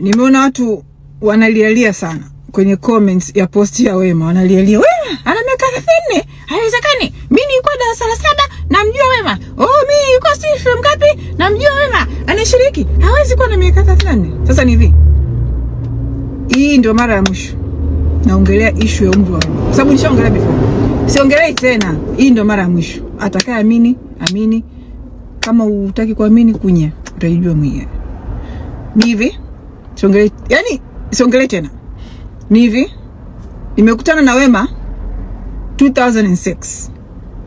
nimeona watu wanalialia sana kwenye comments ya posti ya Wema, wanalialia Wema ana miaka 34, haiwezekani. Mimi nilikuwa darasa la saba namjua Wema. Oh, mimi nilikuwa si shule ngapi namjua Wema anashiriki, hawezi kuwa na miaka 34. Sasa ni hivi, hii ndio mara ya mwisho naongelea issue ya umri wa Wema, sababu nishaongelea before, siongelei tena. Hii ndio mara ya mwisho. Atakaye amini amini, kama utaki kuamini kunya, utaijua mwenyewe. Ni hivi siongele, yani siongelee tena. Ni hivi, nimekutana na Wema 2006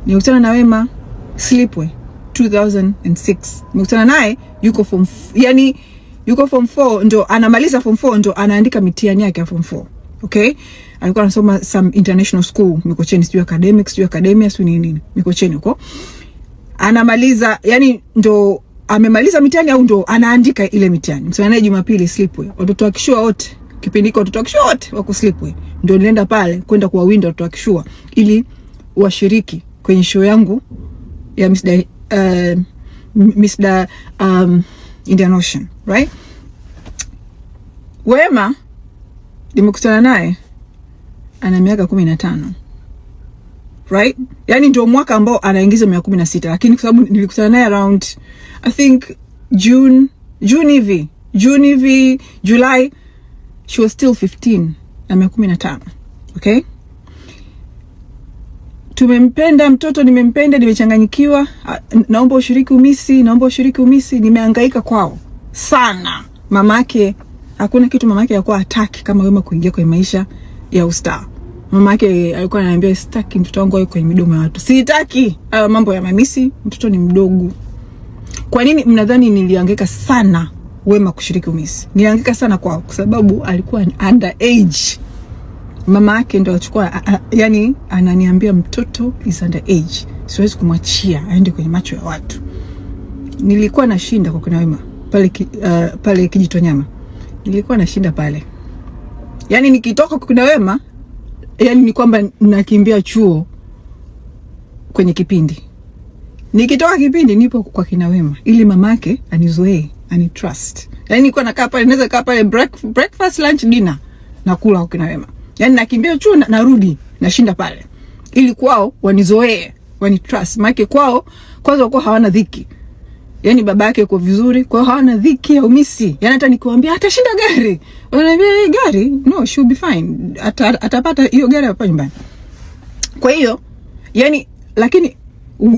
nimekutana na Wema slipwe 2006 nimekutana naye, yuko form yani yuko form 4 ndo anamaliza form 4 ndo anaandika mitihani yake ya form 4. Okay, alikuwa anasoma some international school Mikocheni, sijui academics sijui academia sijui nini nini Mikocheni huko anamaliza, yani ndo amemaliza mitihani au ndo anaandika ile mitihani. Msana naye Jumapili slipwe. Watoto wa kishua wote. Kipindi hiko watoto wa kishua wote wako slipwe. Ndio nilienda pale kwenda kuwawinda watoto wa kishua ili washiriki kwenye show yangu ya Mr. uh, Mr. um, Indian Ocean, right? Wema nimekutana naye ana miaka kumi na tano right? Yani ndio mwaka ambao anaingiza mia kumi na sita, lakini kwa sababu nilikutana naye around I think June June hivi June hivi July, she was still 15 na mia kumi na tano. Okay, tumempenda mtoto, nimempenda, nimechanganyikiwa. Naomba ushiriki umisi, naomba ushiriki umisi. Nimehangaika kwao sana. Mamake, hakuna kitu mamake yakuwa ataki kama Wema kuingia kwenye maisha ya ustaa mama yake alikuwa ananiambia sitaki mtoto wangu awe kwenye midomo ya watu. Sitaki hayo mambo ya mamisi, mtoto ni mdogo. Kwa nini mnadhani niliangaika sana Wema kushiriki umisi? Niliangaika sana kwao kwa sababu alikuwa ni under age. Mama yake ndo achukua, yani ananiambia mtoto is under age, siwezi kumwachia aende kwenye macho ya watu. Nilikuwa nashinda kwa kina Wema pale, uh, pale Kijitonyama nilikuwa nashinda pale, yani nikitoka kwa kina Wema yani ni kwamba nakimbia chuo kwenye kipindi, nikitoka kipindi nipo kwa kina Wema ili mamake anizoee ani trust. Yani nilikuwa nakaa pale, naweza kaa pale breakfast, lunch, dinner nakula kwa kina Wema. Yani nakimbia chuo na, narudi nashinda pale ili kwao wanizoee wani trust, maana kwao kwanza walikuwa hawana dhiki yani baba yake yuko vizuri, kwa hiyo hawana dhiki ya umisi. Yani hata nikiwaambia atashinda gari, wanaambia eh, eh, gari no, she will be fine, atapata hiyo gari hapa nyumbani. Kwa hiyo yani, lakini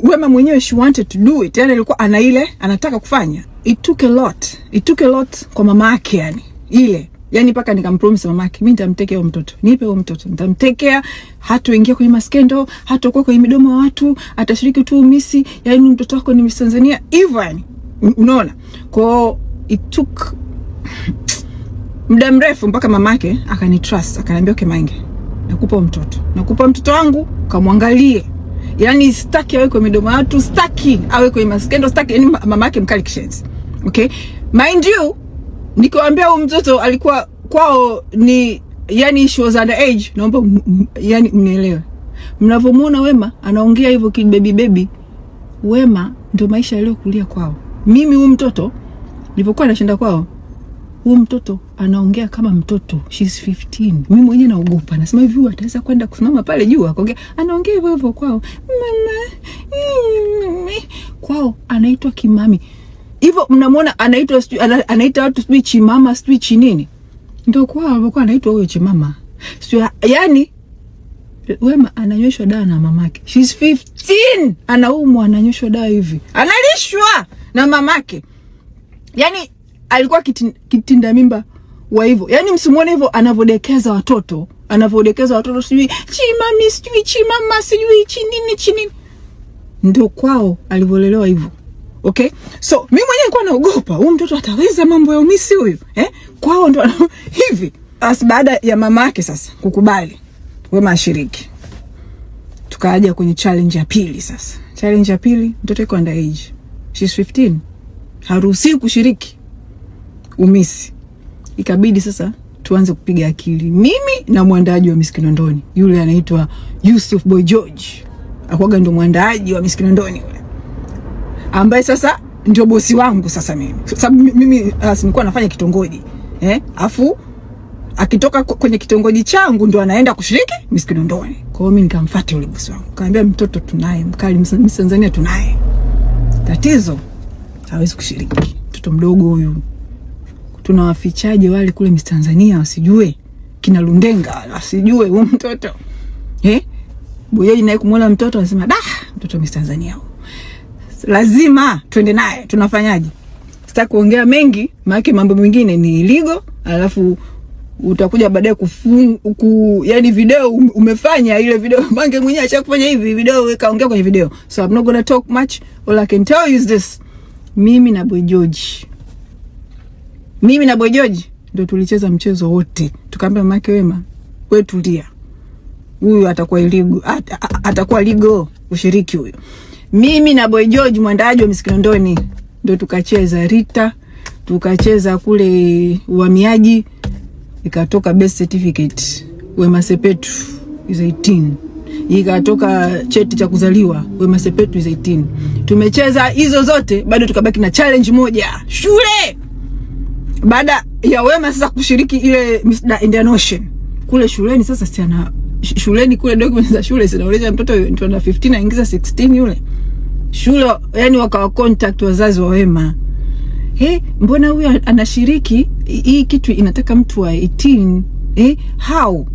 Wema mwenyewe she wanted to do it, yani alikuwa ana ile anataka kufanya. It took a lot, it took a lot kwa mama yake yani ile yani mpaka nikampromise mamake, mimi nitamtekea huyo mtoto, nipe huyo mtoto, nitamtekea, hatoingia kwenye maskendo, hatokuwa kwenye midomo ya watu, atashiriki tu umisi, yani mtoto wako ni Miss Tanzania hivyo, yani unaona. Kwa it took muda mrefu mpaka mamake akanitrust, akaniambia okay, Mange, nakupa mtoto, nakupa mtoto wangu, kamwangalie yani staki awe kwenye midomo ya watu, staki awe kwenye maskendo, staki yani mama yake mkali kishenzi. Okay, mind you Nikiwaambia huu mtoto alikuwa kwao ni yani she was age, naomba yani mnielewe. Mnavyomuona Wema anaongea hivyo kibebi bebi, Wema ndio maisha yaliyokulia kwao. Mimi huu mtoto nilipokuwa nashinda kwao, huu mtoto anaongea kama mtoto, she's 15. Mimi mwenyewe naogopa, nasema hivi ataweza kwenda kusimama pale juu akaongea, anaongea hivyo hivyo kwao, mama mm, mm, mm. kwao anaitwa kimami hivyo mnamwona anaitwa anaita watu sijui chimama sijui chinini, ndio kwa alikuwa anaitwa huyo chimama sio? Yani Wema ananyweshwa dawa na mamake, she's 15 anaumwa, ananyweshwa dawa hivi, analishwa na mamake. Yani alikuwa kitin, kitinda mimba wa hivyo, yani msimuone hivyo anavodekeza watoto, anavodekeza watoto sijui chimami sijui chimama sijui chinini chinini, ndio kwao alivolelewa hivyo. Okay, so mimi mwenyewe nilikuwa naogopa huyu mtoto ataweza mambo ya umisi huyu eh? Kwao ndo hivi. As baada ya mama yake sasa kukubali Wema ashiriki, tukaja kwenye challenge ya pili. Sasa challenge ya pili, mtoto yuko under age, she's 15, haruhusiwi kushiriki umisi. Ikabidi sasa tuanze kupiga akili, mimi na mwandaji wa Miss Kinondoni yule anaitwa Yusuf Boy George, akwaga ndo mwandaji wa Miss Kinondoni yule ambaye sasa ndio bosi wangu sasa mimi. Sababu mimi uh, ah, sinikuwa nafanya kitongoji eh, afu akitoka kwenye kitongoji changu ndo anaenda kushiriki Miss Kinondoni. Kwa hiyo mimi nikamfuata yule bosi wangu, kaambia mtoto tunaye mkali, Miss Tanzania tunaye, tatizo hawezi kushiriki, mtoto mdogo huyu. Tunawafichaje wale kule Miss Tanzania wasijue, kina Lundenga wasijue huyu mtoto eh? Bojaji naye kumwona mtoto anasema da, mtoto Miss Tanzania huyu lazima tuende naye. Tunafanyaje? Sitaki kuongea mengi, maanake mambo mengine ni ligo, alafu utakuja baadaye ku yani video umefanya ile video Mange mwenyewe acha kufanya hivi video, weka ongea kwenye video, so I'm not gonna talk much. All I can tell you is this, mimi na Boy George, mimi na Boy George ndio tulicheza mchezo wote, tukaambia mamake Wema, wewe tulia, huyu atakuwa iligo, atakuwa ligo ushiriki huyo mimi na Boy George mwendaji wa Miskilondoni ndo tukacheza Rita, tukacheza kule uhamiaji, ikatoka best certificate Wema Sepetu is 18 ikatoka cheti cha kuzaliwa Wema Sepetu is 18. Tumecheza hizo zote, bado tukabaki na challenge moja shule, baada ya Wema sasa kushiriki ile Miss Indian Ocean kule shuleni. Sasa siana shuleni kule, documents za shule zinaonyesha mtoto ana 15 aingiza 16 yule shule, yani wakawa contact wazazi wa Wema. He, mbona huyu anashiriki hii kitu inataka mtu wa 18 eh, how?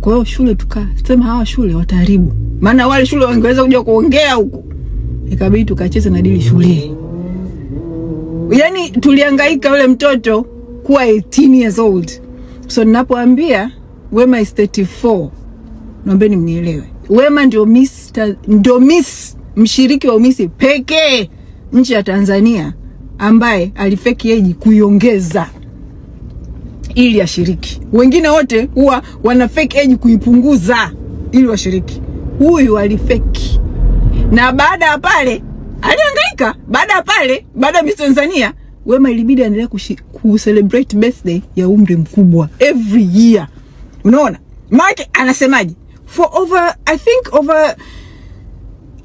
Kwa hiyo shule tukasema hawa shule wataharibu, maana wale shule wangeweza kuja kuongea huku. Ikabidi tukacheza na dili shule, Yani tuliangaika yule mtoto kuwa 18 years old. So ninapoambia Wema is 34, naombeni mnielewe, Wema ndio Mr. ndio Miss mshiriki wa Umisi pekee nchi ya Tanzania ambaye alifeki eji kuiongeza ili ashiriki. Wengine wote huwa wana fake age kuipunguza ili washiriki. Huyu alifeki, na baada ya pale alihangaika. Baada ya pale, baada ya Miss Tanzania, Wema ilibidi aendelee ku celebrate birthday ya umri mkubwa every year. Unaona Mark anasemaje? for over I think over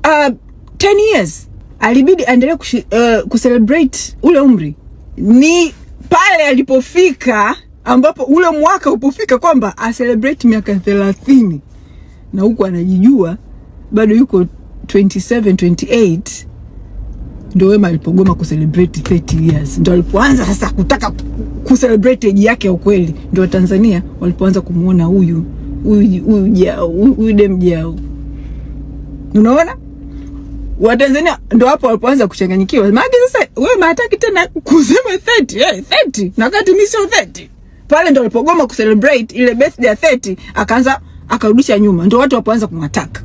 uh, 10 years alibidi aendelee uh, kucelebrate ule umri. Ni pale alipofika ambapo ule mwaka upofika kwamba acelebrate miaka thelathini na huku anajijua bado yuko 27 28, ndio Wema alipogoma kucelebrate 30 years, ndio alipoanza sasa kutaka kucelebrate age yake ya ukweli. Ndio Watanzania walipoanza kumwona huyu huyu huyu dem jao, unaona Watanzania ndo hapo walipoanza kuchanganyikiwa. Maana sasa wewe mahataki tena kusema 30, eh, 30. Na kati mission 30. Pale ndo walipogoma kucelebrate ile birthday ya 30, akaanza akarudisha nyuma. Ndio watu walipoanza kumwataka.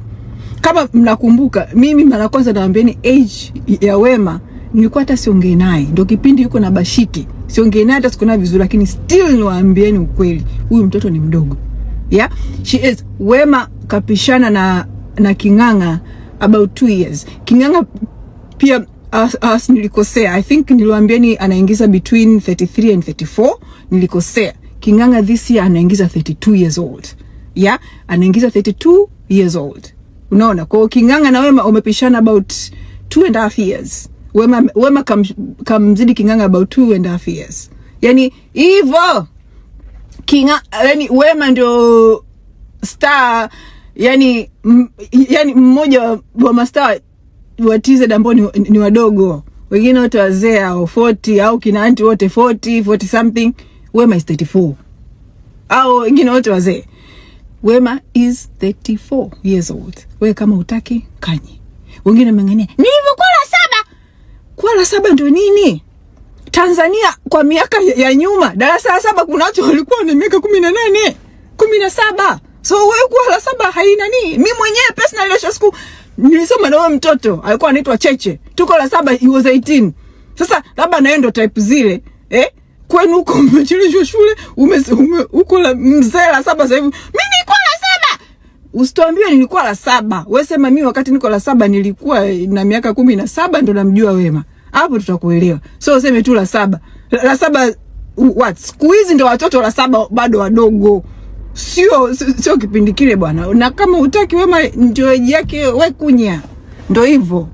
Kama mnakumbuka, mimi mara kwanza nawaambieni age ya Wema nilikuwa hata siongee naye. Ndio kipindi yuko na Bashiki. Siongee naye hata siku sikuona vizuri, lakini still niwaambieni ukweli. Huyu mtoto ni mdogo. Yeah? She is Wema kapishana na na King'ang'a about two years. King'ang'a pia as, as nilikosea. I think ni anaingiza between 33 and 34. Nilikosea. King'ang'a this year anaingiza 32 years old. Yeah, anaingiza 32 years old. Unaona, kwa King'ang'a na Wema umepishana about two and a half years. Wema, Wema kamzidi kam King'ang'a about two and a half years. Yani hivyo King'ang'a, yani Wema ndio star yani, yani mmoja wa mastaa wa TZ ambao ni, ni wadogo wengine wote wazee au 40 au kina anti wote 40 40 something. Wema is 34 au wengine wote wazee. Wema is 34 years old. We kama utaki kanye, wengine wamengania kwa la saba. kwa la saba ndio nini? Tanzania kwa miaka ya nyuma darasa la saba kuna watu walikuwa na miaka kumi na nane kumi na saba. So wewe kwa la saba haina nini? Mimi mwenyewe personal ile siku nilisoma na wewe mtoto alikuwa anaitwa Cheche. Tuko la saba he was 18. Sasa labda na yeye ndo type zile. Eh? Kwenu huko umechilishwa shule, ume uko la mzee la saba sasa hivi. Mimi nilikuwa la saba. Usitwambie nilikuwa la saba. Wewe sema mimi wakati niko la saba nilikuwa na miaka kumi na saba ndo namjua Wema. Hapo tutakuelewa. So useme tu la saba. La, la saba what? Siku hizi ndo watoto la saba bado wadogo sio sio kipindi kile bwana, na kama utaki wema njoeji yake we kunya, ndo hivyo.